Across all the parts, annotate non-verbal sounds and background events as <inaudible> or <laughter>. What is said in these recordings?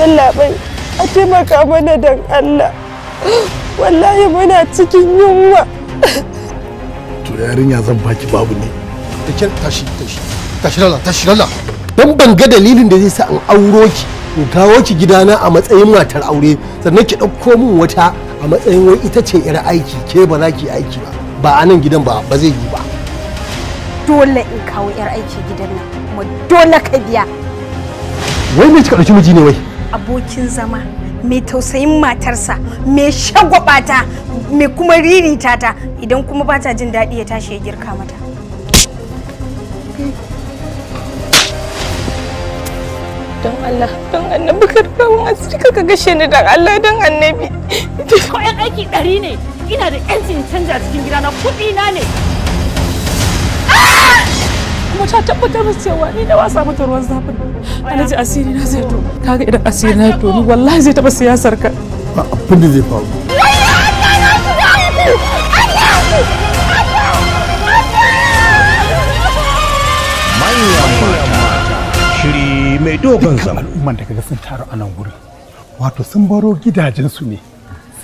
Yallaɓai, a taimaka mana don Allah. Wallahi muna cikin yunwa. To yarinya zan baki babu ne. Da kyar tashi tashi. Tashi lalla, tashi lalla. Dan ban ga dalilin da zai sa in auro ki, in kawo ki gidana a matsayin matar aure, sannan ki ɗauko min wata a matsayin wai ita ce 'yar aiki, ke ba za ki aiki ba. Ba a nan gidan ba, ba zai yi ba. dole in kawo 'yar aiki gidan nan kuma dole ka biya. Wai me kika ɗauki miji ne wai? abokin zama mai tausayin matarsa mai shagwabata mai kuma ririta ta idan kuma ba ta jin daɗi ya tashi ya girka mata don Allah don annabi karka mun asiri ka gashe ni don Allah don annabi ko yan aiki ɗari ne ina da yancin canja cikin gidana kuɗi na ne ah! kuma ta tabbatar musu cewa ni na wasa mata ruwan zafin alhaji asiri na zai to kaga idan asiri na to ni wallahi zai taba siyasar ka ba abin da zai faru shiri mai dogon zama al'umman da kaga sun taru a nan wurin wato sun baro gidajensu ne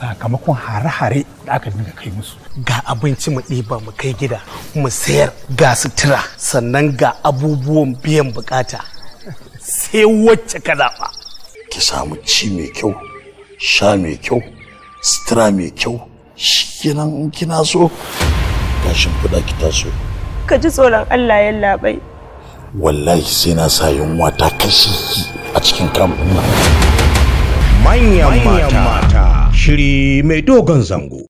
sakamakon hare-hare da aka dinga kai musu ga abinci mu ɗiba mu kai gida mu sayar ga sutura sannan ga abubuwan biyan bukata sai wacce ka zaɓa ki samu ci mai kyau sha mai kyau sutura mai kyau shikenan kina so gashin fuda ki taso ka ji tsoron Allah ya labai wallahi sai na sa yunwa ta kashe a cikin kamfanin manyan mata shiri mai dogon zango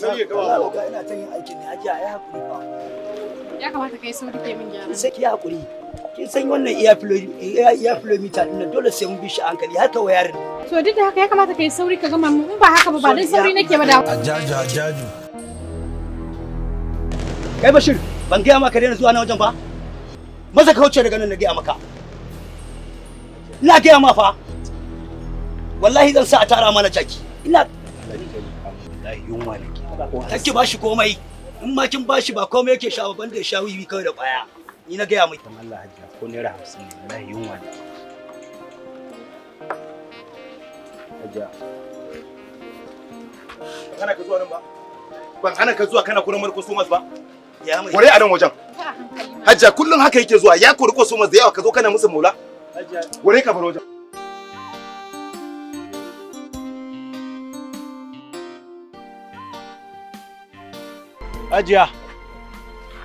Allah ka ina ta yin aikin ne hajiya ai hakuri fa ya kamata kai sauri ke min gyara sai ki hakuri kin san wannan iya iya kilometer din dole sai mun bi shi hankali har ta wayar to duk da haka ya kamata kai sauri ka gama mu in ba haka ba ba dan sauri nake ba da jaju jaju kai bashir ban gaya maka daina zuwa na wajen ba maza ka wuce daga nan na gaya maka ina gaya ma fa wallahi zan sa a tara mana jaki. ina wallahi yunwa nake Take ba shi komai. In ma kin ba shi ba komai yake sha banda ya sha wiwi kawai da baya. Ni na gaya mai. Dan Allah hajja ko naira 50 ne wallahi yunwa ne. Hajja. Kana ka zuwa nan ba? Ban hana ka zuwa kana kurin marko su ba. Ya mai. Kore a nan wajen. Hajja kullun haka yake zuwa ya kori ko su da yawa ka zo kana musu maula. Kore ka bar wajen. Ajiya!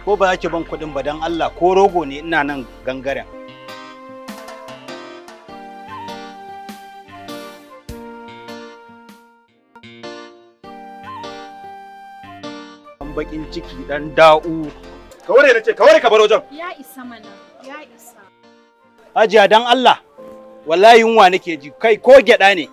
ko ba za ki ban kuɗin ba don Allah ko rogo ne ina nan gangaren. bakin ciki dan da'u. Ka ware na ce, ka ware ka baro jan. Ya isa mana, ya isa. Ajiya dan Allah, wallahi yunwa nake ji, kai ko gyaɗa ne.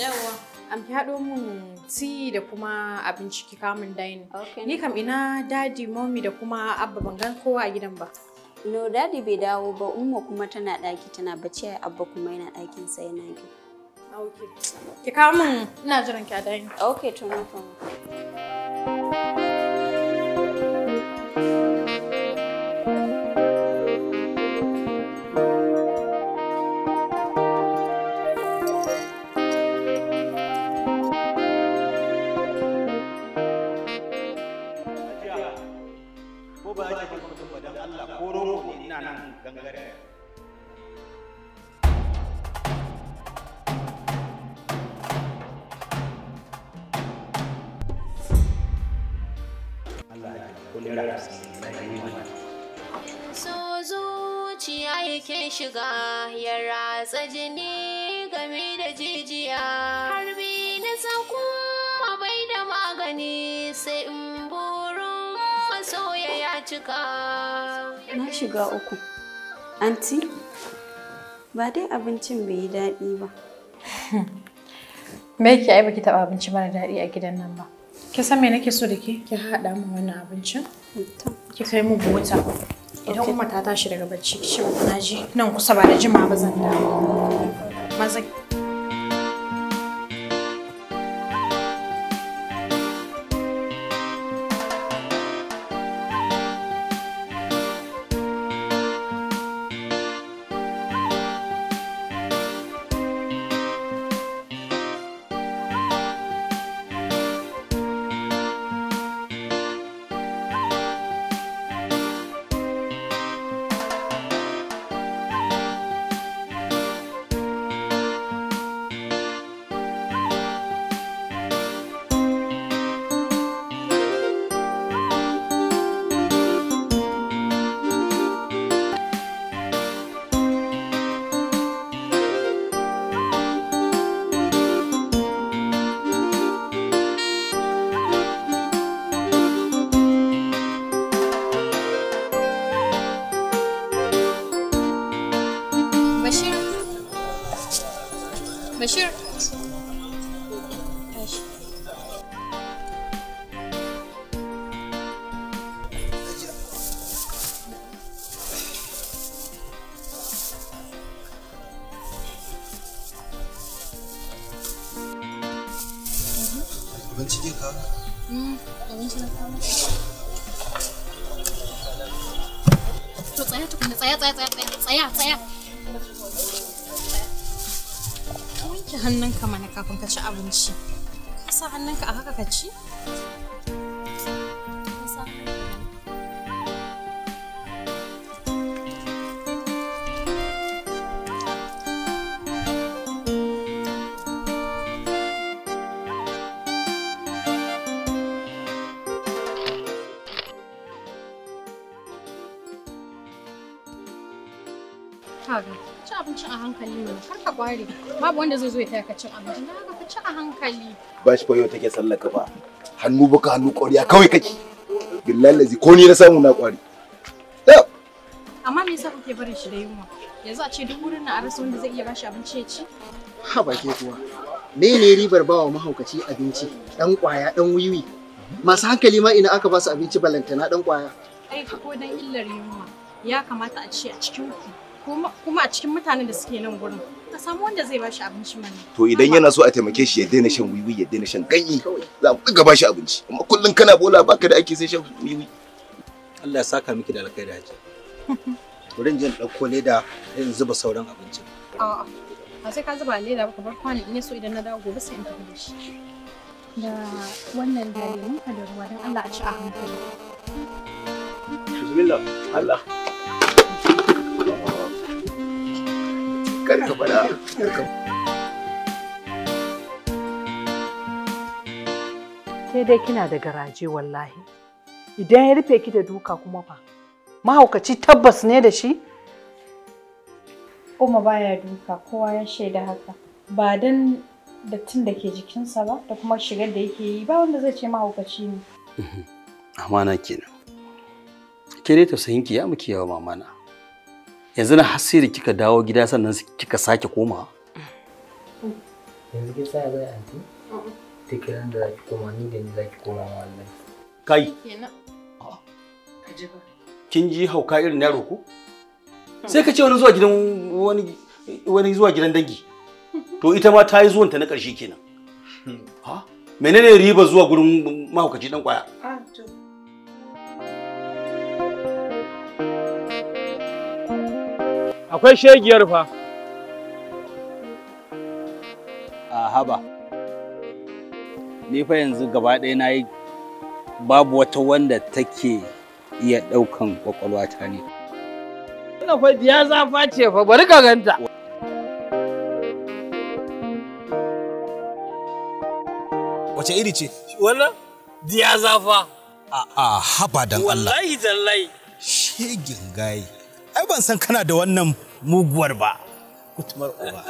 Yawa. Am ki haɗo mun ti da kuma abinci ki kamun daini. Ni kam ina dadi, mommy da kuma abba ban gan kowa a gidan ba. No, dadi bai dawo ba, umma kuma tana ɗaki tana bacci abba kuma yana ɗakin sa yana gida. Okay. Ki kawo ina jiran ki a daini. Okay, to no problem. kadangare So zuciya yake shiga ya ratsa jini game da jijiya harbi na sako bai da magani sai in burin masoya ya cika. Na shiga uku. Anti, ba dai abincin bai yi daɗi ba. <laughs> Me yake ai baki taɓa abinci mara daɗi a gidan nan ba? Ki san me nake so da ke? Ki haɗa mun wannan abincin. Ki kai mu bota. Idan kuma ta tashi daga bacci, ki ce na nan kusa ba da jima ba zan dawo. Mazaki. Ka ci abinci a hankali ne kar ka kware babu wanda zai zo ya taya ka cin abinci na haka ka ci a hankali ba shi fa yau take sallar kafa hannu baka hannu kwariya kawai kake billahi lazi ko ni na samu na kwari amma me yasa kuke barin shi da yunwa yanzu a ce duk wurin na a rasa wanda zai iya bashi abinci ya ci ha ba ke kuwa ne ribar bawa mahaukaci abinci dan kwaya dan wiwi masu hankali ma ina aka ba su abinci balantana dan kwaya ai ko dan illar yunwa ya kamata a ce a cikin ku kuma a cikin mutanen da suke nan gurin ka samu wanda zai bashi abinci mana to idan yana so a taimake shi ya daina shan wiwi ya daina shan ganye za ku ga bashi abinci amma kullun kana bola baka da ake sai shan wiwi Allah ya saka miki da alkhairi haji wurin <laughs> jin dauko leda in zuba sauran abincin a a sai ka zuba leda ba ka bar kwani in so idan na dawo gobe sai in tafi da shi da wannan da lemun ka da ruwa don Allah a ci a hankali bismillah Allah kar ka fada sai dai kina da garaje wallahi idan ya rufe ki da duka kuma fa mahaukaci tabbas ne da shi Uma baya duka kowa ya shaida haka ba dan tun da ke jikinsa ba da kuma shigar da yake yi ba wanda zai ce mahaukaci ne amana kenan ke dai tausayin ki ya muke yawa mamana yanzu na hasiri kika dawo gida sannan kika sake koma yanzu kin sa zai anti ta kiran da zaki koma ni da ni zaki koma wallahi kai kin ji hauka irin yaro ko sai ka ce wani zuwa gidan wani wani zuwa gidan dangi to ita ma ta yi zuwanta na ƙarshe kenan hmm. ha menene riba zuwa gurin mahaukaci dan kwaya ah, akwai shegiyar fa a haba ni fa yanzu gaba ɗaya na yi babu wata wanda take iya ɗaukan ƙwaƙwalwata ne wannan fa diya zafa ce fa bari ka ganta wace iri ce wannan diya zafa a haba dan Allah wallahi tallahi shegin gayi ai ban san kana da wannan muguwar ba kutumar uba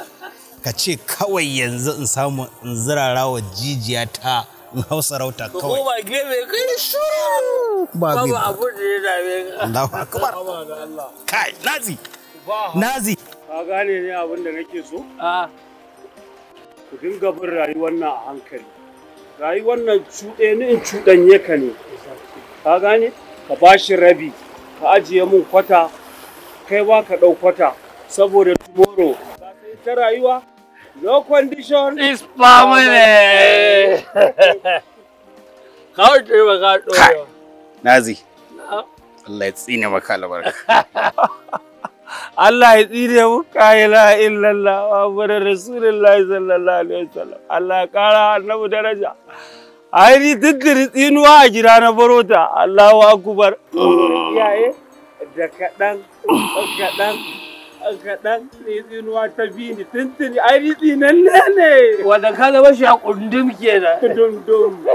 ka ce kawai yanzu in samu in zirara wa jijiya ta in hau sarauta kawai ba gebe kai shu ba ba abu da ya dame ka Allahu akbar kai nazi nazi ka gane ne abin da nake so a ah. ku dinga bin rayuwar nan a hankali rayuwar nan cuɗe ni in cuɗanye ka ne ka gane ka bashi rabi ka ajiye mun kwata kai ba ka ɗaukwata saboda tomorrow ta rayuwa no condition is permanent <laughs> ka ta ba ka ɗorewa nazi Allah ya tsine maka albarka <laughs> Allah ya tsine mu la illallah bar Rasulullah sallallahu alaihi wasallam Allah kara annabi daraja ai ni duk tsinuwa a gida na barota Allahu akbar iyaye da kaɗan kaɗan kaɗan ne tsinuwa ta bi ni tuntuni ai ni tsinan ne ne wanda ka zama shi a kundum kenan dundum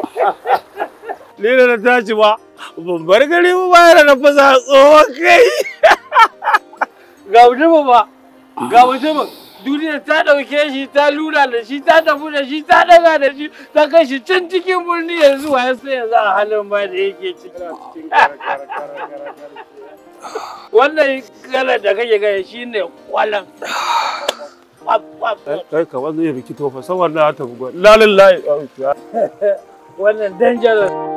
<laughs> ni da na tashi ba ban bar gari ba bayan na fasa tsohon kai <laughs> ga mutumin ba ga mutumin duniya ta ɗauke shi ta lura da shi ta tafi da shi ta daga da shi ta kai shi can cikin birni yanzu wa sai yanzu a halin ba da yake ciki wannan kalar da kake gaya ne kwalan kai ka wannan ya rikito fa saboda ta bugo lalillahi <laughs> wannan dangerous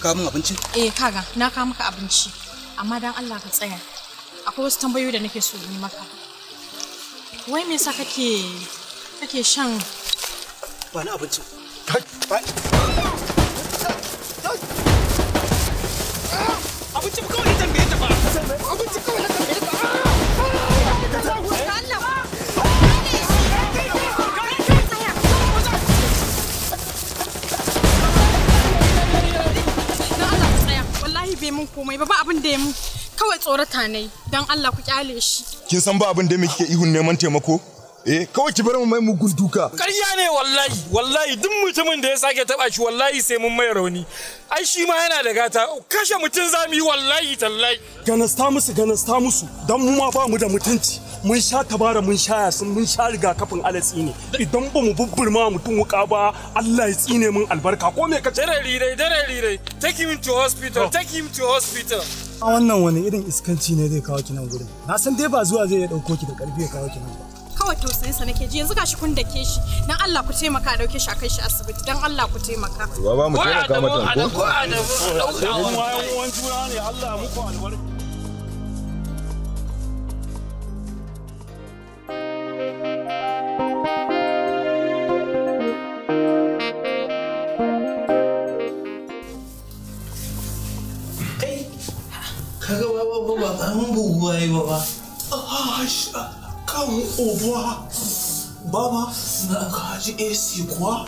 kawo min abinci? Eh kaga na kawo maka abinci amma dan Allah ka tsaya. Akwai wasu tambayoyi da nake so yi maka. Wai me yasa kake kake shan wani abinci? Kai komai ba ba abin da ya mu kawai tsorata ne don Allah ku kyale shi kin san ba abin da muke ihun neman taimako eh kawai ki bar mu mai mugun duka ƙarya ne wallahi wallahi duk mutumin da ya sake taba shi wallahi sai mun mai rauni ai shi ma yana da gata kashe mutum zamu yi wallahi tallahi ganasta musu ganasta musu dan mu ma ba mu da mutunci mun sha tabara mun sha yasin mun sha rigakafin alatsi ne idan ba mu bubburma mutum wuka ba Allah ya tsine mun albarka ko me ka ce rirai dare rirai take him to hospital oh. take him to hospital a wannan wani irin iskanci ne zai kawo ki nan gurin na san dai ba zuwa zai ya dauko ki da karfi ya kawo ki nan ba kawai tausayin sa nake ji yanzu gashi kun da ke shi dan Allah ku taimaka dauke shi a kai shi asibiti dan Allah ku taimaka ba ba mu taimaka mata ko ko adabu dauka wani wayan juna ne Allah muku albarka an buguwa Ah, baba ah, kan uba baba na kaji esse kuwa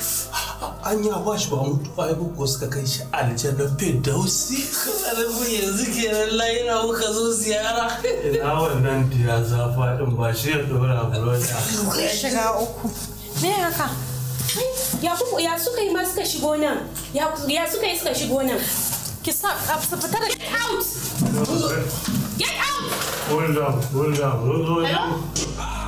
an yi hawa shi ba mutu ba ko suka kai shi aljanna firdausi karfin yanzu kenan lahira muka zo ziyara ina wannan diya zafa din ba shi ya dora bulota ya shiga uku me haka ya kuku ya suka yi ma suka shigo nan ya suka yi suka shigo nan ki sa su fita da get out get out hold hold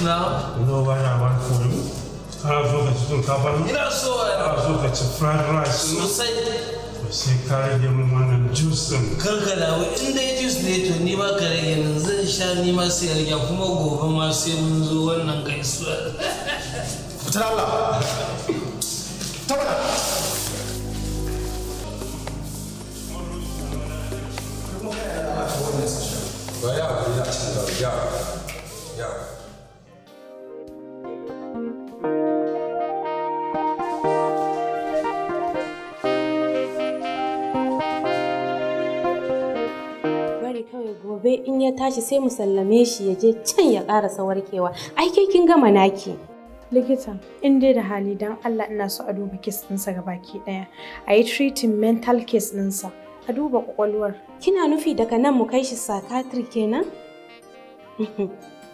na zo bana ba koyo ana so ka ci shinkafa ne ina so ana so ka ci fried rice sosai sai ka rage min wannan juice in dai juice ne to ni ba ka rage zan sha ni ma sai rage kuma gobe ma sai mun zo wannan gaisuwa fitar Allah gobe in ya tashi sai mu sallame shi ya je can ya ƙara warkewa ai kin gama naki likitan in dai da hali dan Allah ina so a duba kes ɗinsa baki ɗaya a yi treating mental case ɗinsa a duba ƙwaƙwalwar kina nufi daga nan mu kai shi psychiatry kenan <laughs>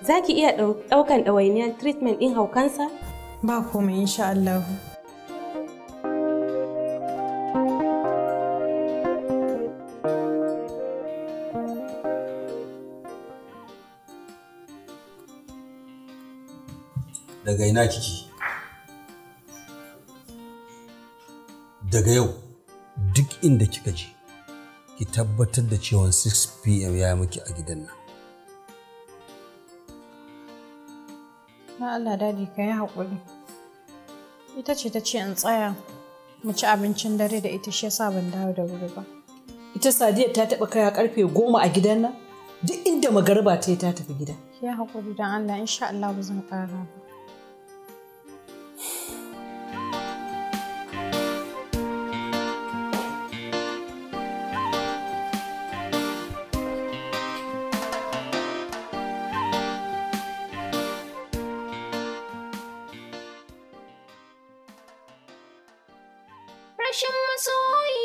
za ki iya ɗaukan ɗawainiyar treatment ɗin haukansa ba komai insha Allah daga ina kiki daga yau duk inda kika je ki tabbatar da cewa 6 pm ya miki a gidan nan na Allah dadi ka yi haƙuri ita ce ta ce in tsaya mu ci abincin dare da ita shi yasa ban dawo da wuri ba ita sadiya ta taɓa kaya karfe goma a gidan nan duk inda magarba ta yi ta tafi gida ya hakuri don Allah insha Allah ba zan ƙara ba ƙarshen masoyi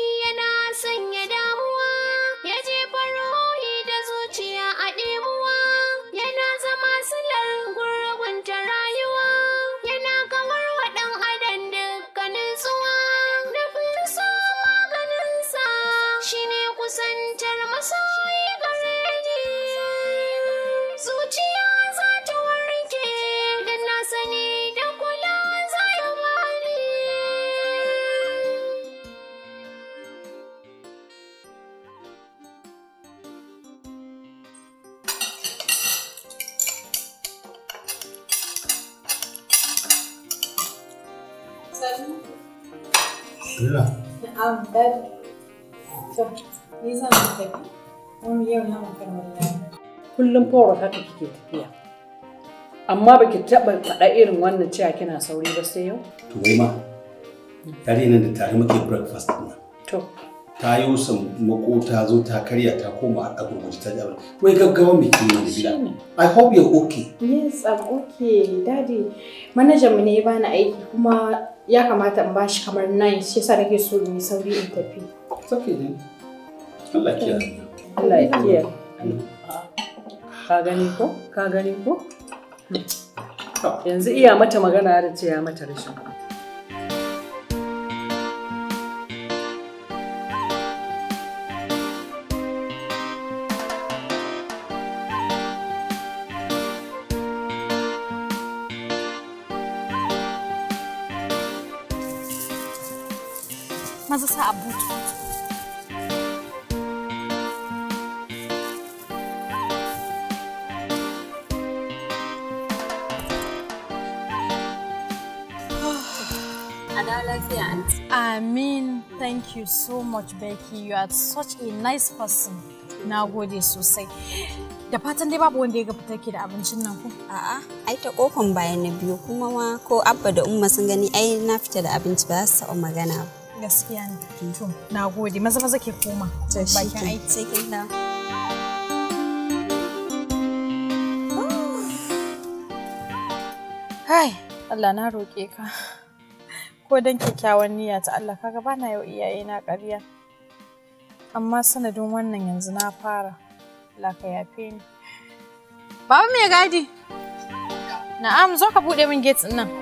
goro haka kike tafiya amma baki taɓa faɗa irin wannan cewa kina sauri ba sai yau to wai ma tare nan da tare muke breakfast din to ta yi wusan makota zo ta karya ta koma a gurguje ta jabar wai gaggawa mai kiwo da gida i hope you're okay yes i'm okay daddy manajan mu ne ya bani aiki kuma ya kamata in bashi kamar nine shi yasa nake so in sauri in tafi it's Allah ya kiyaye Allah ya kiyaye ka gani ko ka gani ko yanzu iya mata magana da ce ya mata rashin Mas essa abuto. Amin. Thank you so much, Becky. You are such a nice person. Na gode sosai. Da fatan dai babu wanda ya ga fitar da abincin nan ku? A'a, ai ta kofan bayan na biyu kuma ma ko Abba da Umma sun gani ai na fita da abinci ba za su magana ba. Gaskiya ne. To, na gode. Maza maza ke koma. Bakin Hai, Allah na roke ka. ko don kyakkyawan niyya ta Allah kaga bana yau iyaye na ƙarya amma sanadin wannan yanzu na fara laka yafe ni baba mai gadi na'am zo ka buɗe min gate nan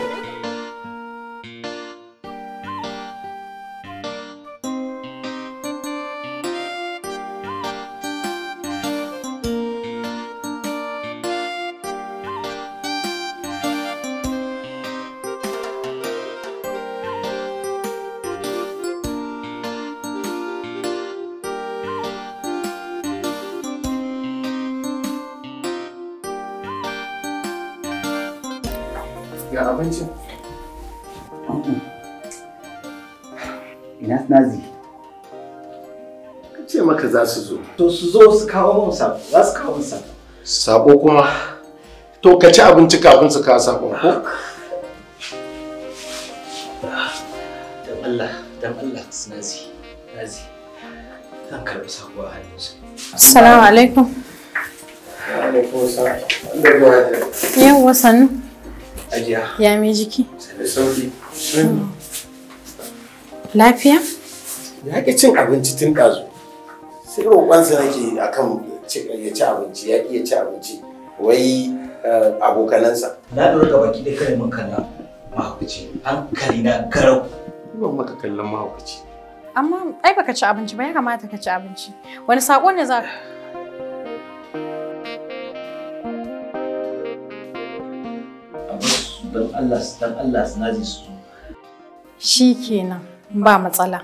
abincin ina nazi ce maka za su zo to su zo su kawo mun sako za su kawo mun sako sako kuma to ka ci abinci kafin su kawo sakon ko dan Allah dan Allah nazi nazi zan karɓi sako a hannunsu assalamu alaikum alaikum assalam yawwa sannu hajiya. Ya me jiki? sauki. Lafiya? Ya ke hmm. cin abinci tun ɗazu. Sai roƙonsa nake a kan ya ci abinci, ya iya ci abinci. Wai eh, abokanansa. Na lura da baki da kare maka na mahaukaci. Hankali na garau. Ban maka kallon mahaukaci. Amma ai baka ci abinci ba ya kamata ka ci abinci. Wani saƙo ne za ka? don Allah su dan Allah su naji su shi kenan ba matsala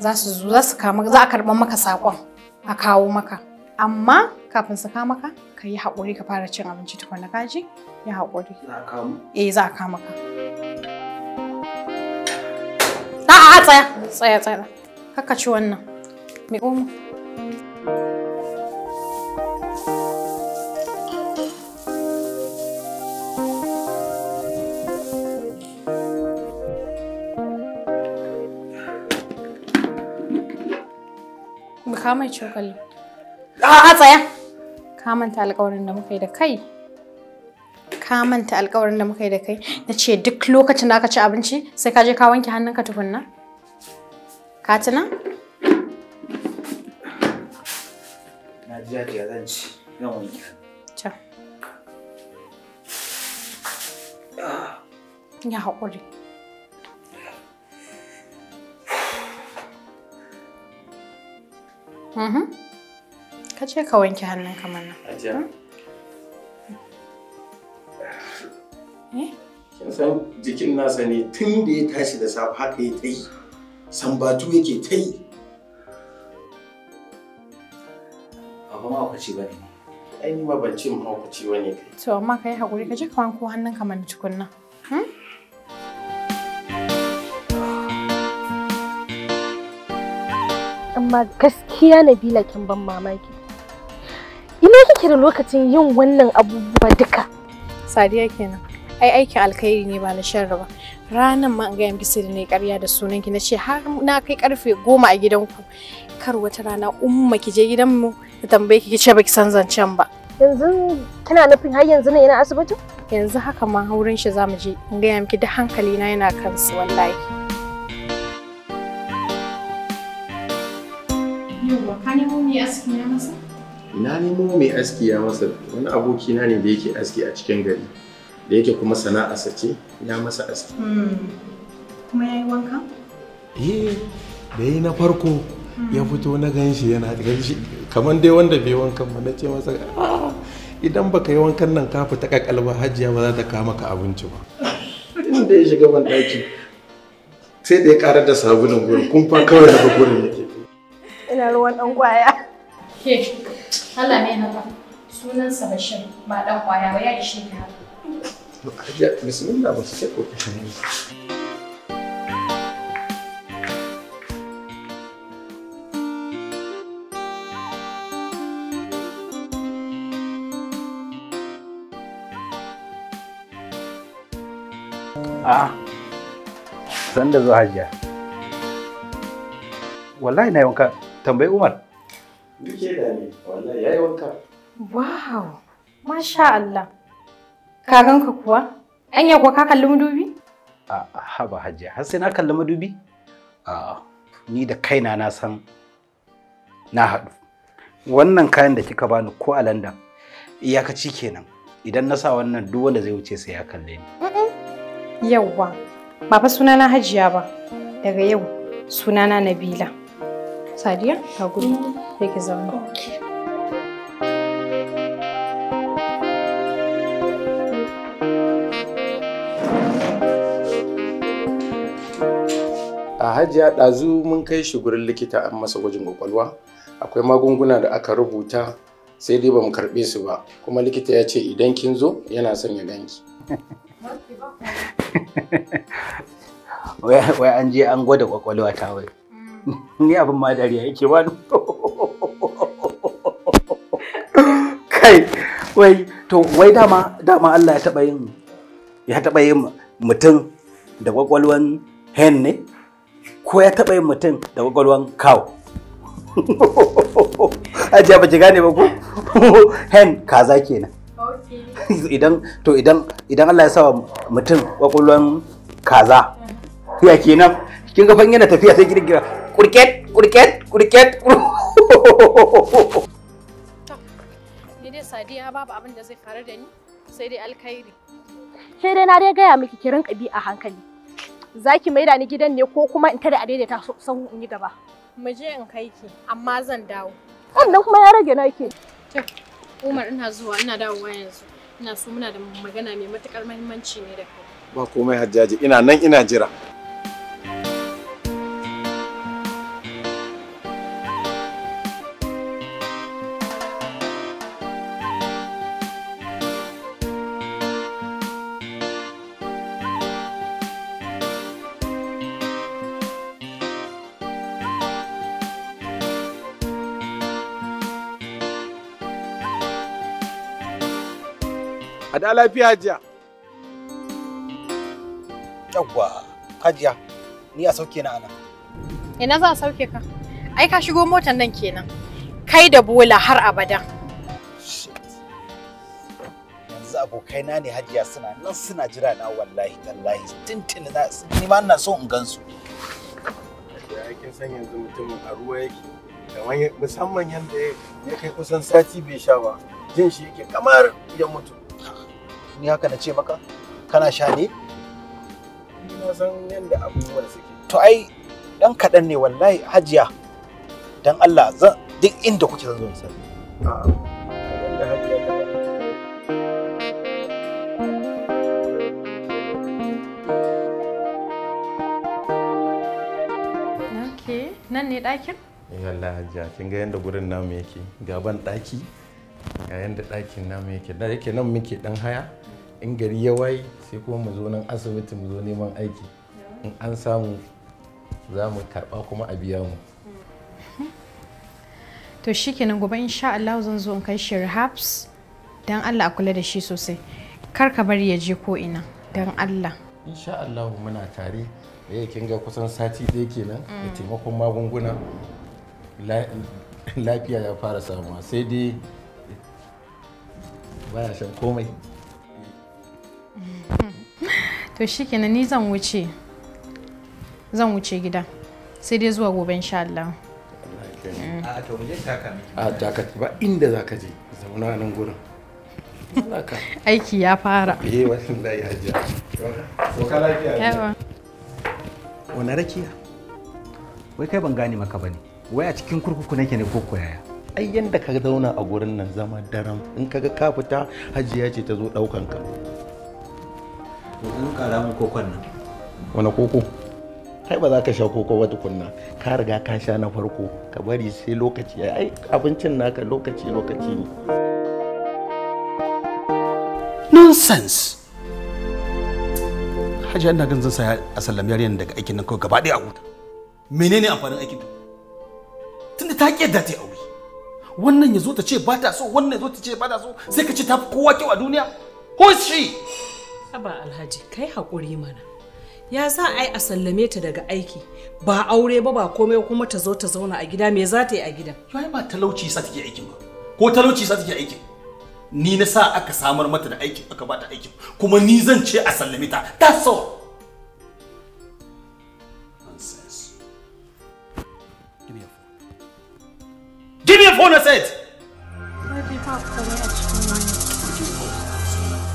za su zo za su kama za a karɓa maka sakon a kawo maka amma kafin su kama ka ka yi haƙuri ka fara cin abinci na kaji ya haƙuri eh za a kama ka a'a tsaya tsaya tsaya Kakkaci ci wannan mai omo ka mai cokali. A'a tsaya. Ka manta alƙawarin da muka yi da kai. Ka manta alƙawarin da muka yi da kai. Na ce duk lokacin da aka ci abinci sai ka je ka wanke hannunka tukunna. Ka tuna? Na ji yaji zan ci. Zan wanke. Can. Ya haƙuri. Mm-hmm. Ka ce ka wanke hannun kamar nan. Hmm? Eh? Kin san jikin nasa ne tun da ya tashi da safe haka ya ta yi, sambatu yake ta yi. Amma mahaukaci ba ne. Ai ni ma ban ce mahaukaci ba ne To amma ka yi haƙuri ka je ka wanko hannun kamar tukunna. amma gaskiya Nabila kin ban mamaki. Ina kike da lokacin yin wannan abubuwa duka? Sadiya kenan. Ai aikin alkhairi ne ba na sharri ba. Ranan ma an ga yan ne ƙarya da sunan ki nace har na kai karfe goma a gidanku. Kar wata rana umma ki je gidanmu ta tambaye ki ce baki san zancen ba. Yanzu kina nufin har yanzu ne yana asibiti? Yanzu haka ma wurin shi zamu je in ga miki da hankali na yana kansu wallahi. Ina ne mu mai aski ya masa? aski wani aboki na ne da yake aski a cikin gari. Da yake kuma sana'a ce ya masa aski. Hmm. Kuma ya yi wanka? Eh, da yi na farko ya hmm. fito na gan shi yana ganshi shi kamar dai wanda bai wankan ba na ce masa ah, idan baka yi wankan nan ka fita kakal ba hajiya ba za ta kama ka abinci ba. Inda ya shiga ban daki sai da ya karar da sabulun gurin kun fa kawai daga gurin yake. ina ruwan ɗan kwaya. Ke, Allah ne na ba. Sunansa Bashir ba ɗan kwaya ba ya ishe ki haka. Bismillah ba su ce ko ta A'a, ah, san da zuwa hajiya. Wallahi na yi wanka tambayi Umar. Duke da dame, wallahi yayi wanka. Wow, masha Allah. Kaganka kuwa? An yi kuwa ka kalli madubi? A'a, haba hajiya, har sai na kalli madubi? A'a, ni da kaina na san na haɗu. Wannan kayan da kika bani ko a London iyakaci kenan. Idan na sa wannan duk wanda zai wuce sai ya kalle ni. Yawwa, ba fa sunana Hajiya ba. Daga yau sunana Nabila. Sadiya, ga gudu da ke zauna. A hajiya ɗazu mun kai shi gurin likita an masa gwajin kwakwalwa. Akwai magunguna da aka rubuta sai dai ba mu karɓe su ba. Kuma likita ya ce idan kin zo yana son ya ganki. <laughs> Wai an je an gwada kwakwalwa ta wai. ni abin ma dariya yake wani kai wai to wai dama dama Allah ya taba yin ya taba yin mutum da kwakwalwan hen ne ko ya taba yin mutum da kwakwalwan cow <laughs> ajiya ba ki gane ba ko <laughs> hen kaza kenan <laughs> idan to idan idan Allah ya sa mutum kwakwalwan kaza ya kenan kin ga fa tafiya sai girgira kurket kurket kurket sadiya babu abin da zai faru da ni sai dai dai na dai gaya miki ki rinka bi a hankali zaki maida ni gidan ne ko kuma in da a daidaita sahu in yi gaba mu je in kai ki amma zan dawo wannan kuma ya rage naki Umar ina zuwa ina dawowa yanzu ina so muna da magana mai matukar muhimmanci ne da kai ba komai hajjaji ina nan ina jira da lafiya hajiya. Yawwa, hajiya, ni a sauke na ana. Ina za a sauke ka? Ai ka shigo motar nan kenan. Kai da bola har abada. Yanzu abokaina ne hajiya suna nan suna jira na wallahi tallahi tintin na ni ma ina so in gansu. Ya kin san yanzu mutumin a ruwa yake. Musamman yanda ya kai kusan sati bai sha ba. Jin shi yake kamar ya mutu. ni haka na ce maka kana sha ne Ina san yadda abubuwan suke to ai dan kaɗan ne wallahi hajiya dan Allah zan duk inda kuke zan zo in sani a'a nan ne ɗakin? yalla eh, hajiya kin ga yadda gurin namu yake gaban ɗaki ga yadda ɗakin namu yake da yake nan muke ɗan haya in gari ya wayi sai kuma mu zo nan asibiti mu zo neman aiki in an samu za mu karba kuma a biya mu to shikenan gobe insha Allah zan zo in kai shi rehabs dan Allah a kula da shi sosai kar ka bari ya je ko ina dan Allah insha Allah muna tare da eh, yake kin kusan sati ɗaya kenan da taimakon magunguna lafiya ya fara samuwa sai dai baya shan komai to shikenan ni zan wuce zan wuce gida sai dai zuwa gobe insha Allah mm. a ta ba inda za ka je zauna nan gurin aiki ya fara eh wasu da ya ji ka lafiya wani rakiya wai kai ban gane maka bane wai a cikin kurkuku nake ne ko yaya ai yanda ka zauna a gurin nan zama daram in kaga ka fita hajiya ce ta zo daukan ka an kara mu kokon nan wani koko kai ba za ka sha koko ba tukunna ka riga ka sha na farko ka bari sai lokaci ai abincin naka lokaci lokaci ne nonsense hajji ina ganin zan saya a sallam yaryan daga aikin nan kawai gaba ɗaya a huta menene amfanin aikin ta tunda ta ƙiyar da ta aure wannan ya zo ta ce ba ta so wannan ya zo ta ce ba ta so sai ka ce ta fi kowa kyau a duniya who is she haba alhaji kai hakuri mana ya za a yi a sallame ta daga aiki ba aure ba ba komai kuma ta zo ta zauna a gida me za ta yi a gidan yau ba talauci sa take aikin ba ko talauci sa take aikin ni na sa aka samar mata da aikin aka bata aikin kuma ni zan ce a sallame ta ta Give me a phone, I said!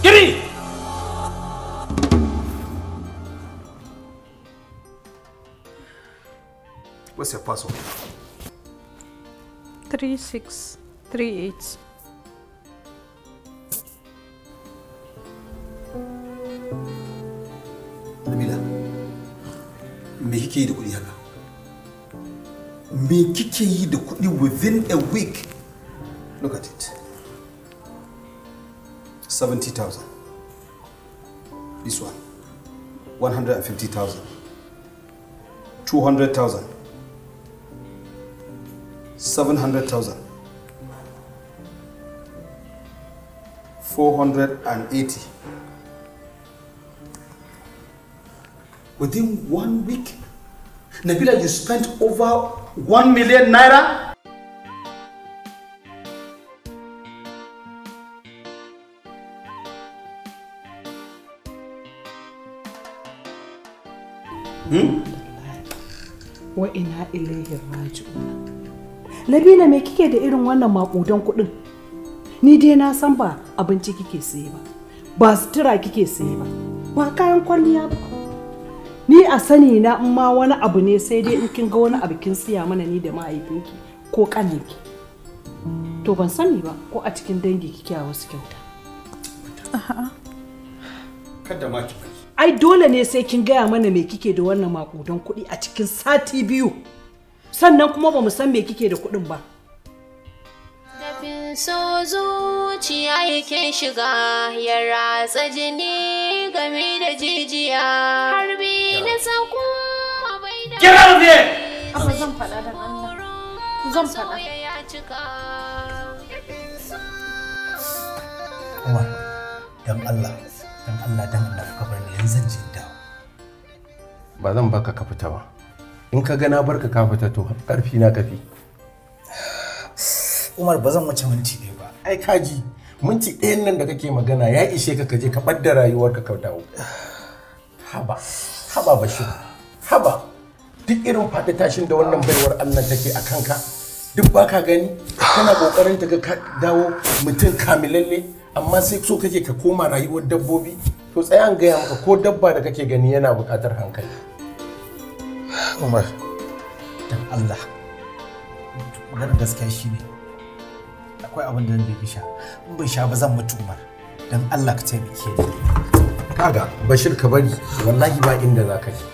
Give me! What's your password? Three six three eight. Nabila, me kike yi da kuɗi haka? Me kike yi da kuɗi within a week? Look at it. 70,000. This one. 150,000. 200,000. 700,000. 480. Within one week, Nabila, you spent over 1 million naira Hmm? Wa'ina ilaihi raji'una. labina me kike da irin wannan makudan kuɗin ni dai na san ba abinci kike saye ba ba sutura kike saye ba ba kayan kwalliya ba ni a sani na in ma wani abu ne sai dai in kin ga wani abu kin siya mana ni da mahaifinki ko kaninki to ban sani ba ko a cikin dangi kike a wasu kyauta kada ma ki ai dole ne sai kin gaya mana me kike da wannan makudan kuɗi a cikin sati biyu sannan kuma ba san me kike da kuɗin ba so zuciya yake shiga ya ratsa jini game da jijiya harbi na sako bai da kira ne amma zan faɗa da Allah zan faɗa Umar dan Allah dan Allah dan Allah ka bar ni yanzu zan je dawo ba zan baka ka fita ba in ka gana barka ka fita to karfi na kafi umar ba zan mace minti ɗaya ba ai kaji minti ɗayan nan da kake magana ya ishe ka kaje ka ɓadda rayuwarka ka dawo haba haba shi haba duk irin faɗi tashin da wannan baiwar allah take a kanka duk ba ka gani kana kokarin ta ga ka dawo mutum kamilalle amma sai so kake ka koma rayuwar dabbobi to tsayan gaya maka ko dabba da kake gani yana buƙatar hankali Umar. Dan Allah. Maganar gaskiya shi ne. Akwai abin da bai sha. In bai sha ba zan mutu Umar. Dan Allah ka taimake ni. Kaga Bashir ka bari wallahi ba inda za ka je.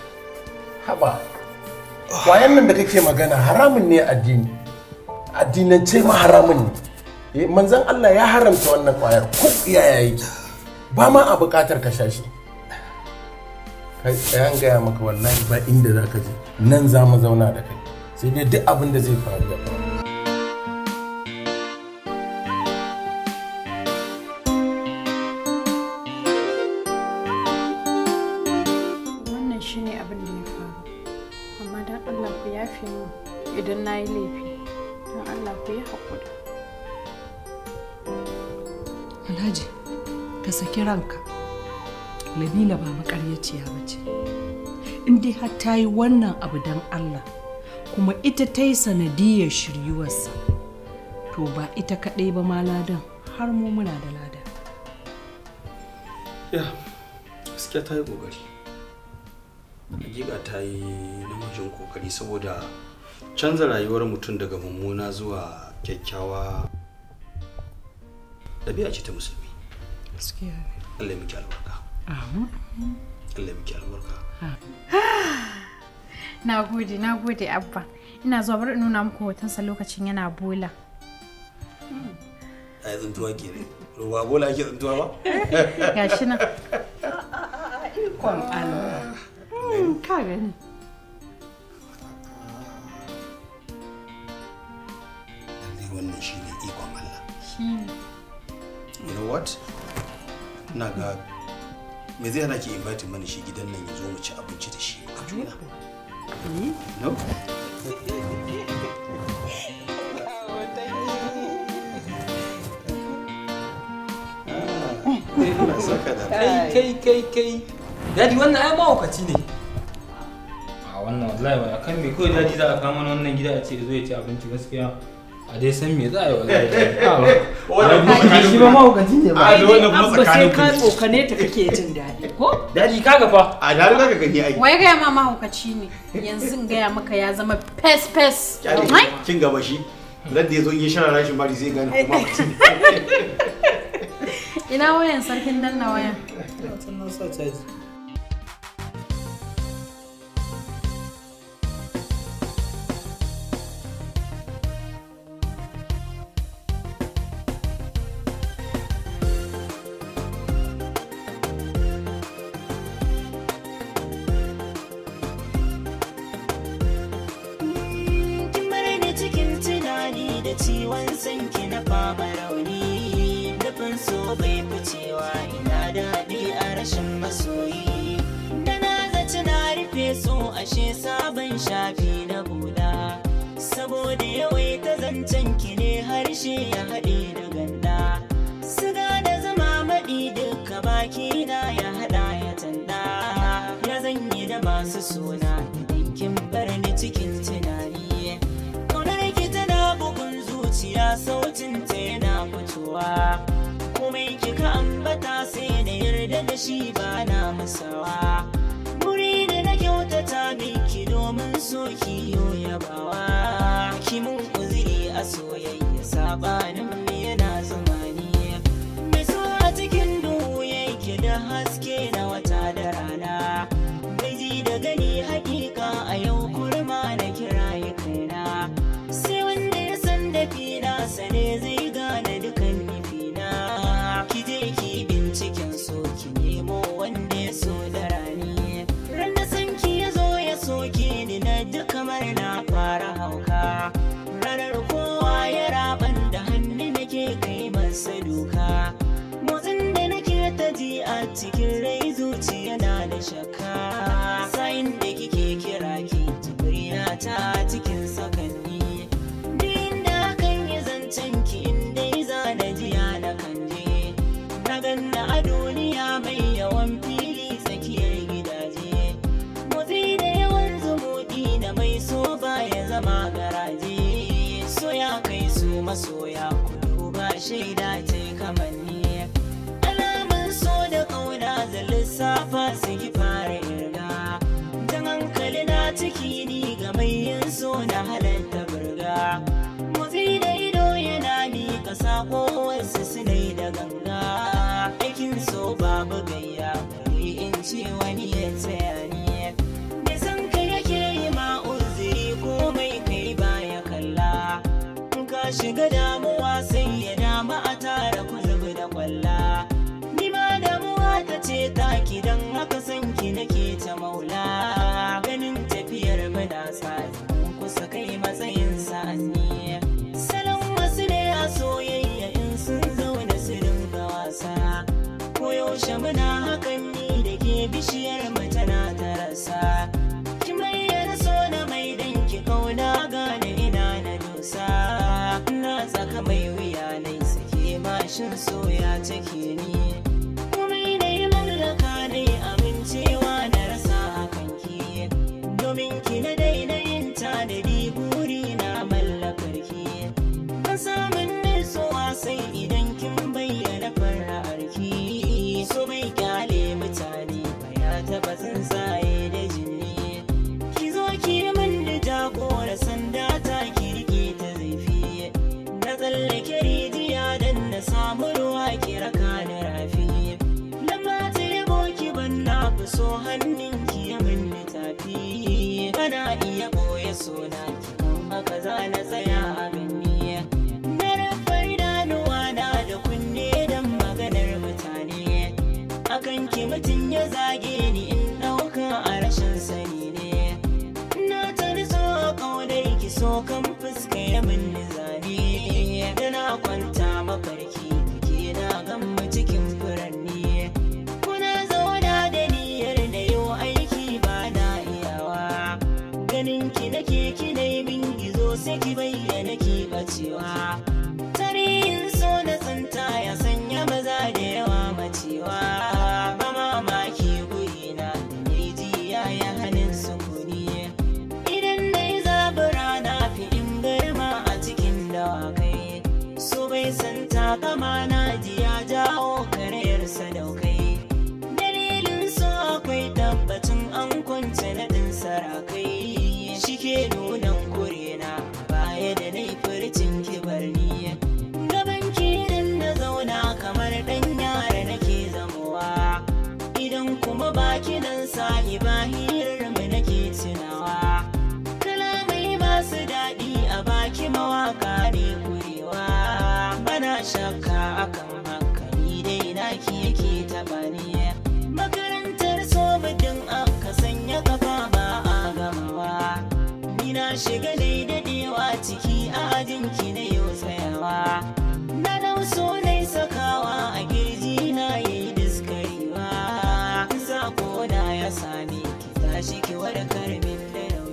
Haba. Wayan nan da kake magana haramun ne addini. Addinance ma haramun ne. Eh, Manzon Allah ya haramta wannan kwayar ko iyaye ba ma a buƙatar ka sha shi. an gaya maka wallahi ba inda za ka je nan za mu zauna da kai sai dai duk abin da zai faru da kai ta yi wannan abu don Allah kuma ita ta yi sanadiyar shiryuwarsa to ba ita kaɗai ba ma ladan har mu muna da lada. ya gaskiya ta yi ƙoƙari hakika ta yi namijin ƙoƙari saboda canza rayuwar mutum daga mummuna zuwa kyakkyawa ɗabi'a ce ta musulmi Allah ya muke albarka Allah ya muke albarka <sighs> na gode na gode abba ina zuwa bari nuna muku hotonsa lokacin yana bola hmm. a yi zuntuwa ke ne ruwa bola ke zuntuwa ba <laughs> ga shi nan ikon allah hmm, ka gani wannan shi ne ikon allah shi you know what na ga me zai hana ki invite mana shi gidan nan ya zo mu ci abinci da shi a juna ni no kai kai kai kai dadi wannan ai mawakaci ne a wannan wallahi ba kan me kawai dadi za a kama wannan gida a ce zo ya ci abinci gaskiya a dai san me za a yi <laughs> wannan shi ba mahaukaci ne ba a da wannan kuma tsakanin sai ka tsokane kake jin daɗi ko daɗi kaga a daɗi kaga gani ai wai ga ma mahaukaci ne yanzu ga ya maka ya zama pes pes kin gaba shi ladda ya zo in yi shara rashin bari zai gane kuma <laughs> ina wayan sarkin danna wayan so ki yo yabawa ki mun uzuri a soyayya sabanin shaida ce kamanni alamun so da ƙauna da lissafa su yi tunani salon wasu ne a soyayya in sun zaune su dinga wasa koyaushe muna hakan ni da ke bishiyar mata na tarasa ki mayyar so na mai dan ki kauna gane ina na dosa na tsaka mai wuya na sake mashin soya take ne. kama naji ya jawo shiga dai dadewa ciki a ki na yau tsayawa na nan so dai sakawa a girji na yi diskarewa za ko da ya same ki tashi ki wada da rauni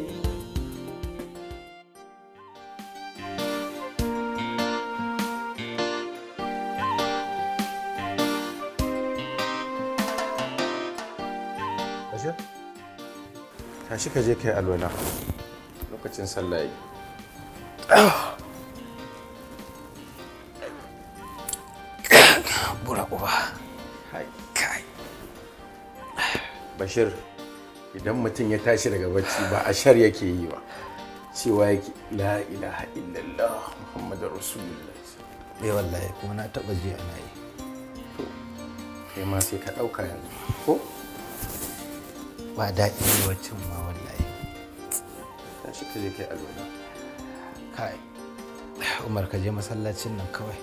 Tashi ka je kai alwala. lokacin sallah yi bura uba kai bashir idan mutum ya tashi daga bacci ba a shar yake yi ba cewa yake la ilaha illallah muhammadu rasulullah eh wallahi kuma na taba ji ana yi to kai ma sai ka dauka yanzu ko ba daɗi wacin ma ci ka je kai alwala kai umar ka je masallacin nan kawai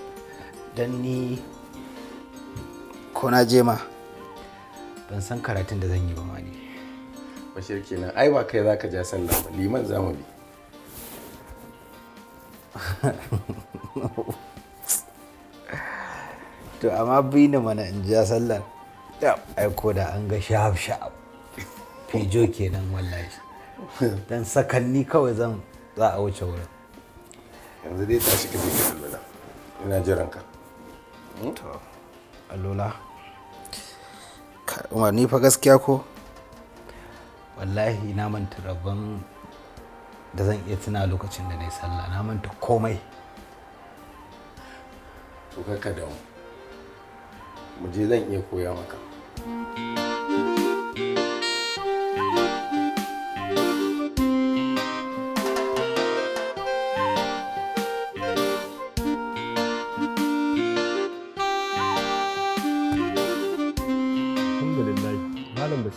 dan ni ko na je ma ban san karatun da zan yi ba ma ni bashir kenan ai ba kai zaka ja sallah ba liman za mu bi <laughs> to amma bi ni mana in ja sallar ai ko da an ga shaf shaf fijo kenan wallahi <laughs> dan sakanni kawai zan za a wuce wurin yanzu dai tashi ka je ka allola ina jiran ka hmm? to allola kuma ni fa gaskiya ko wallahi na manta rabon da zan iya tuna lokacin da na yi sallah na manta komai to kakka da mu je zan iya koya maka thank you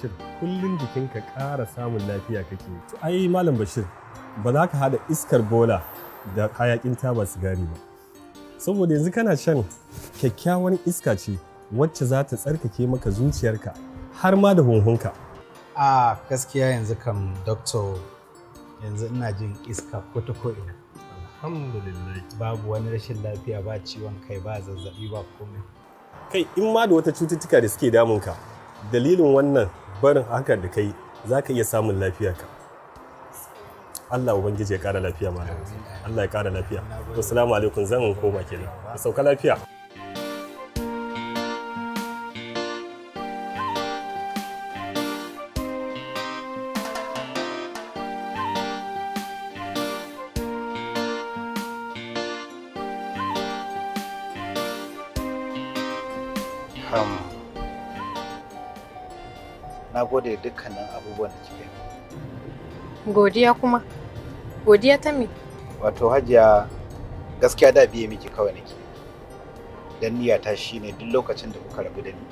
Bashir kullum jikinka ƙara samun lafiya kake. Ai Malam Bashir ba za ka haɗa iskar bola da hayaƙin taba sigari ba. Saboda yanzu kana shan kyakkyawan iska ce wacce za ta tsarkake maka zuciyarka har ma da hunhunka. A gaskiya yanzu kam doctor yanzu ina jin iska ko ta ko'ina. Alhamdulillah. Babu wani rashin lafiya ba ciwon kai ba zazzabi ba komai. Kai in ma da wata cututtuka da suke damunka dalilin wannan barin haka da kai za ka iya samun lafiya ka Allah Ubangiji ya ƙara lafiya ma Allah ya ƙara lafiya assalamu alaikum zan koma kenan sauka lafiya Um, na gode dukkanin abubuwan da kika yi godiya kuma godiya ta me wato hajiya gaskiya da biye miki kawai nake dan niyyata shine duk lokacin da kuka rabu da ni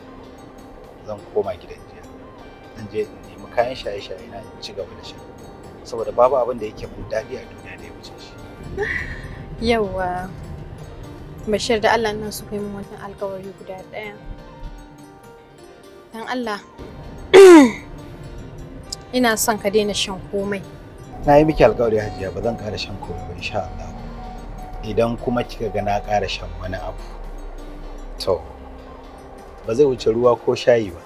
zan koma gidan jiya zan je in nemi kayan shaye-shaye na in ci gaba da sha saboda babu abin da yake mun daɗi a duniya da ya wuce shi <laughs> yawa bashir da allah nan su kai mun wannan alkawari guda ɗaya dan allah <clears throat> Ina son ka daina shan komai. Na yi miki alƙawari Hajiya ba zan ƙara shan komai ba insha Allah. Idan kuma kika ga na ƙara shan wani abu. To ba zai wuce ruwa ko shayi ba.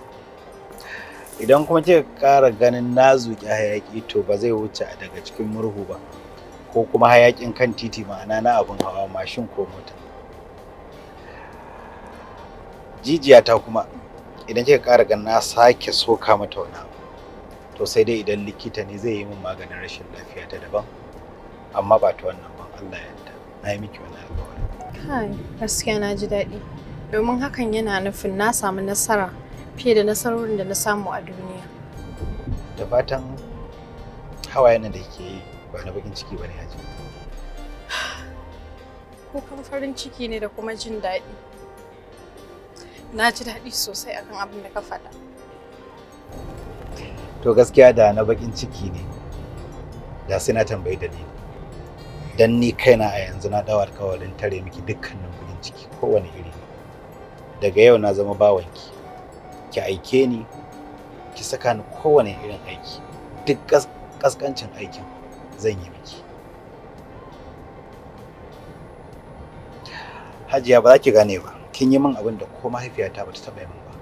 Idan kuma kika ƙara ganin na zuƙi hayaƙi to ba zai wuce daga cikin murhu ba. Ko kuma hayaƙin kan titi ma'ana na abin hawa mashin ko mota. Jijiya ta kuma idan kika ƙara ganin na sake soka mata wani abu to sai dai idan likita ne zai yi min maganin rashin lafiya ta daban amma ba ta wannan ban Allah ya yarda na yi miki wani alƙawari kai gaskiya na ji daɗi domin hakan yana nufin na samu nasara fiye da nasarorin da na samu a duniya da fatan yana da ke yi ba na bakin ciki bane haji <sighs> kukan farin ciki ne da kuma jin daɗi na ji daɗi sosai akan abin da ka faɗa to gaskiya da na bakin ciki ne da sai na tambayi da ni, dan ni kaina a yanzu na ɗawar kawalin tare miki dukkanin bakin ciki kowane iri daga yau na zama bawanki ki aike ni ki saka ni kowane irin aiki duk kaskancin aikin zan yi miki hajiya ba za ki gane ba kin yi min abin da ko mahaifiyata ba ta taɓa yi min ba.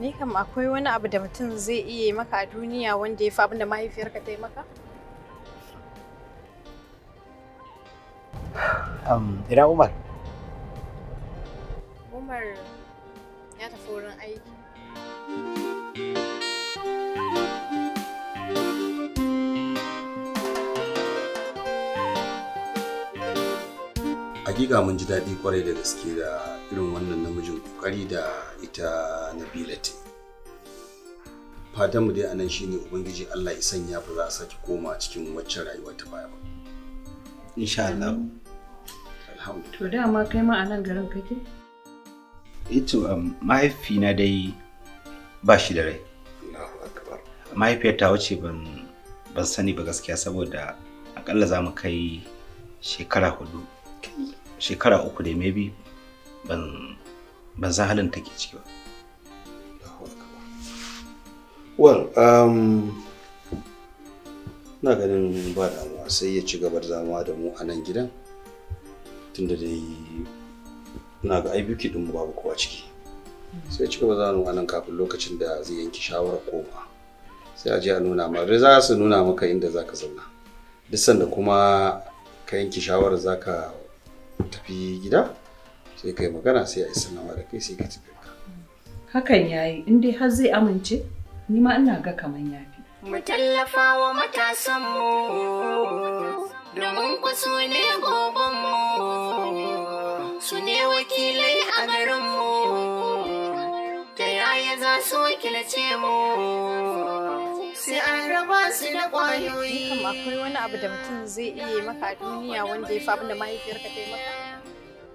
Ni kam akwai wani abu da mutum zai iya maka a duniya wanda ya fi abin da mahaifiyarka ta yi maka? Ina Umar? Umar ya tafi wurin aiki. hakika mun ji daɗi kwarai da gaske da irin wannan namijin kokari da ita nabila ta fatanmu dai anan shine ubangiji allah ya sanya ba za a sake koma cikin waccan rayuwa ta baya ba insha allah kai ma a nan garin kake ito eh um, mahaifina dai ba shi da rai mahaifiyarta wace ban ban sani ba gaskiya saboda akalla za mu kai shekara hudu shekara uku da maybe ban ban san halin take ciki ba well um na ganin ba damuwa sai ya ci gaba da zama da mu a nan gidan tunda dai na ga aibuki din babu kowa ciki sai ci gaba a nan kafin lokacin da zai yanki shawarar ba sai a je a nuna ma dai za su nuna maka inda zaka zauna duk sanda kuma ka yanki shawarar zaka tafi gida sai kai magana sai a yi nawa da kai sai ka tafi ka hakan yayi in dai har zai amince ni ma ina ga kaman yafi mu tallafa wa matasan mu domin ku su ne mu su ne wakilai a garin mu da yaya za su wakilace mu sai an raba su da kwayoyi akwai wani abu da mutum zai iya maka a duniya wanda ya fi abin da mahaifiyarka ta yi maka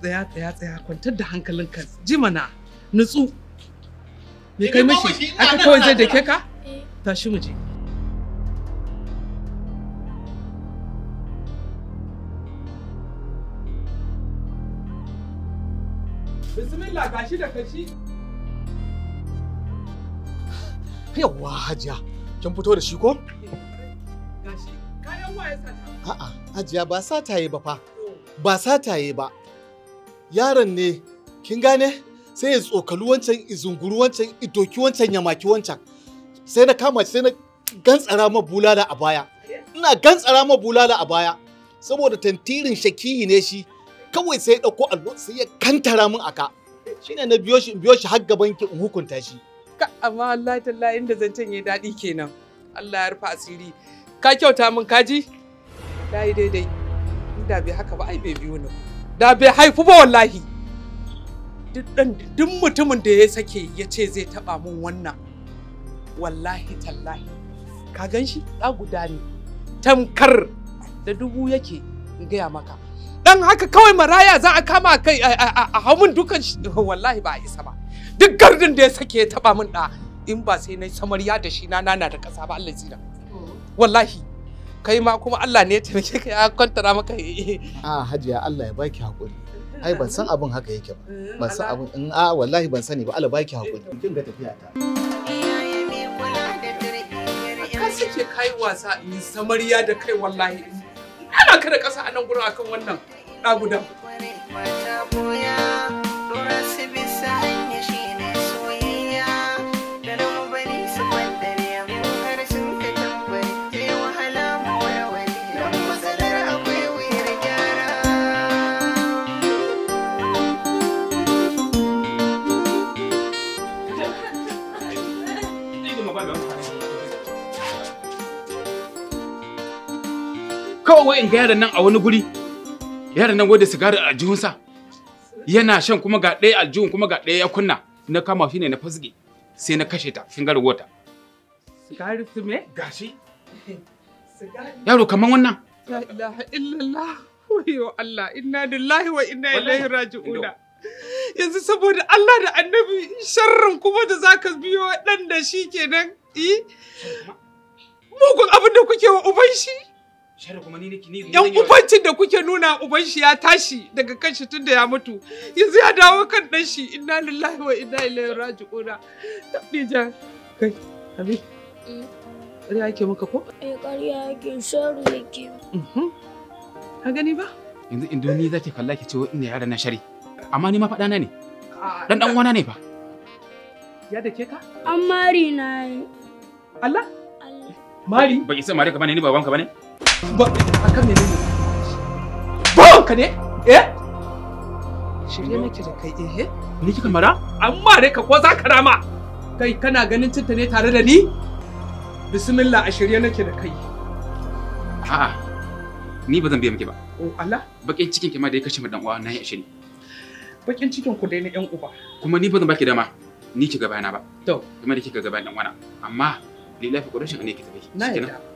tsaya tsaya tsaya kwantar da ka ji mana nutsu me kai mishi aka kawai zai ke ka eh. tashi mu je bismillah gashi da kashi yawwa hajiya kin fito da shi ko gashi kayan waye sata a'a hajiya ba sataye ba fa ba sataye ba yaron ne kin gane sai ya tsokalu wancan izunguru wancan idoki wancan ya maki wancan sai na kama sai na gantsara ma bulala a baya ina gantsara ma bulala a baya saboda tantirin shakihi ne shi kawai sai ya dauko allo sai ya kantara min aka shine na biyo shi biyo shi har gaban ki in hukunta shi amma Allah tallahi inda zancen ya dadi kenan Allah ya rufa asiri ka kyauta min kaji dai dai dai inda bai haka ba ai bai biyo ni da bai haifu ba wallahi duk mutumin da ya sake ya ce zai taba mun wannan wallahi tallahi ka gan shi ɗa guda ne tamkar da dubu yake gaya maka dan haka kawai maraya za a kama kai a hamun dukan <laughs> wallahi ba a isa ba duk gardin da ya sake ya taba mun da in ba sai na samariya da shi na nana da kasa ba Allah zira wallahi kai ma kuma Allah ne ya taimake ka ya kwantara maka eh, eh. a hajiya Allah ya baki hakuri <laughs> ai ban san abin haka yake ba eh, ban san abin in a wallahi ban sani ba Allah baki hakuri kin ga tafiya ta ka suke kai wasa ni samariya da kai wallahi ana kada kasa a nan gurin akan wannan ɗagudan. kawai wai in ga yaran nan a wani guri yaran nan wanda sigari a aljihunsa yana shan kuma ga ɗaya aljihun kuma ga ɗaya ya kunna na kama shi ne na fasge sai na kashe ta kin garwa ta sigari su me gashi yaro kaman wannan la ilaha illallah wayo Allah inna lillahi wa inna ilaihi raji'una yanzu saboda Allah da annabi sharrin kuma da zaka biyo dan da shi kenan eh mugun abin da kuke wa uban shi Yan ubancin da kuke nuna uban shi ya tashi daga kan shi tunda ya mutu. Yanzu ya dawo kan tashi shi. Inna lillahi wa inna ilaihi raji'un. Tabdija. Kai, Abi. Mm. Ƙarya ake maka ko? Eh ƙarya ake shari yake. Mhm. Ka gani ba? Yanzu indomi za ki kalla ki ce inda yara na shari. Amma ni ma faɗa na ne. Dan dan wana ne ba. Ya da ke ka? An mari na yi. Allah? Mari? Ba isa mari ka bane ni babanka bane? ba eh, akan ne ba ka ne eh shirye nake da kai eh ni kika mara amma dai ka ko za ka rama kai kana ganin cinta ne tare da ni bismillah a shirye nake da kai a'a ni ba zan biya miki ba oh Allah bakin cikin ki ma da ya kashe mu dan uwa na a ashiri bakin cikin ku dai na yan uba kuma ni ba zan baki dama ni ki gaba na ba to kuma da kika gaba dan uwana amma lillahi ku rashin ne ki tafi na yadda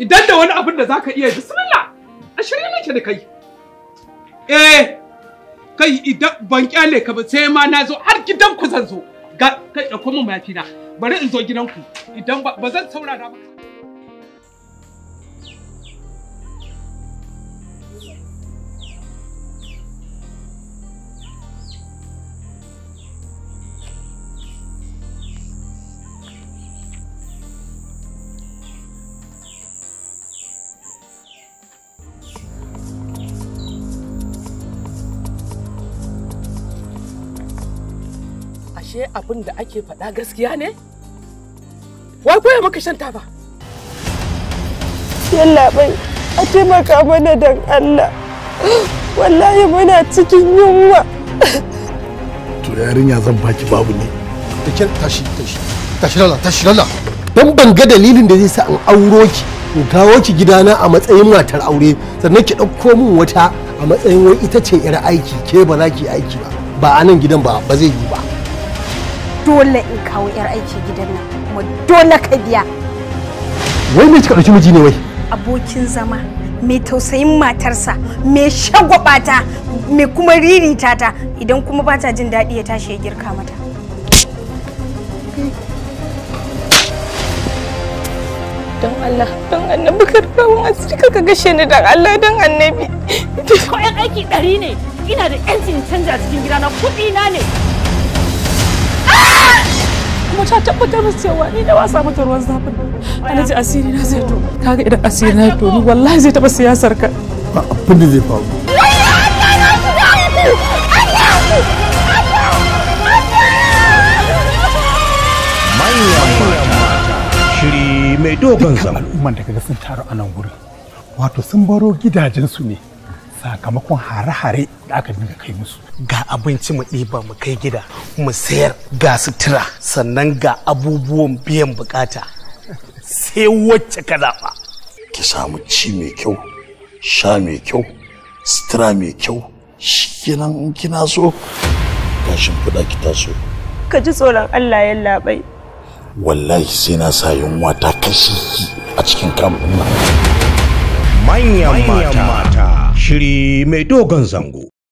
idan da wani abin da za ka iya bismillah a shirye nake da kai eh kai idan ban kyale ka ba sai ma na zo har gidan ku zan zo ga kai da kuma na bari in zo gidan ku idan ba zan saurara ba ashe abin da ake faɗa gaskiya ne? Wai ya maka shan taba? Yalla bai, a taimaka mana don Allah. Wallahi muna cikin yunwa. To yarinya zan baki babu ne. Ta kyar tashi tashi. Tashi lalla, tashi lalla. Dan ban ga dalilin da zai sa an auro ki. In kawo ki gidana a matsayin matar aure, sannan ki ɗauko min wata a matsayin wai ita ce 'yar aiki, ke ba za ki aiki ba. Ba a nan gidan ba, ba zai yi ba. dole in kawo 'yar aiki gidan nan kuma dole ka biya wai me kika dauki miji ne wai abokin zama mai tausayin matarsa mai shagwabata mai kuma ririta ta idan kuma ba ta jin daɗi ya tashi ya girka mata don Allah don annabi karfawun asiri ka gashe ni don Allah don annabi. Ko 'yan aiki ɗari ne ina da 'yancin canja cikin gidana kuɗi na ne. kuma ta tabbatar musu cewa ni da ba sa mata ruwan zafin alhaji asiri na zai to kaga idan asiri na to ni wallahi zai taba siyasar ka ba abin da zai faru shiri mai dogon zama al'umman da kaga sun taru a nan wurin wato sun baro gidajensu ne sakamakon hare-hare da aka dinga kai musu ga abinci mu ɗiba mu kai gida mu sayar ga sutura sannan ga abubuwan biyan bukata sai wacce ka zaɓa ki samu ci mai kyau sha mai kyau sutura mai kyau shikenan in kina so gashin fada ki taso ka ji tsoron Allah ya labai wallahi sai na sa yunwa ta kashi a cikin kamfanin manyan mata Shiri mai dogon zango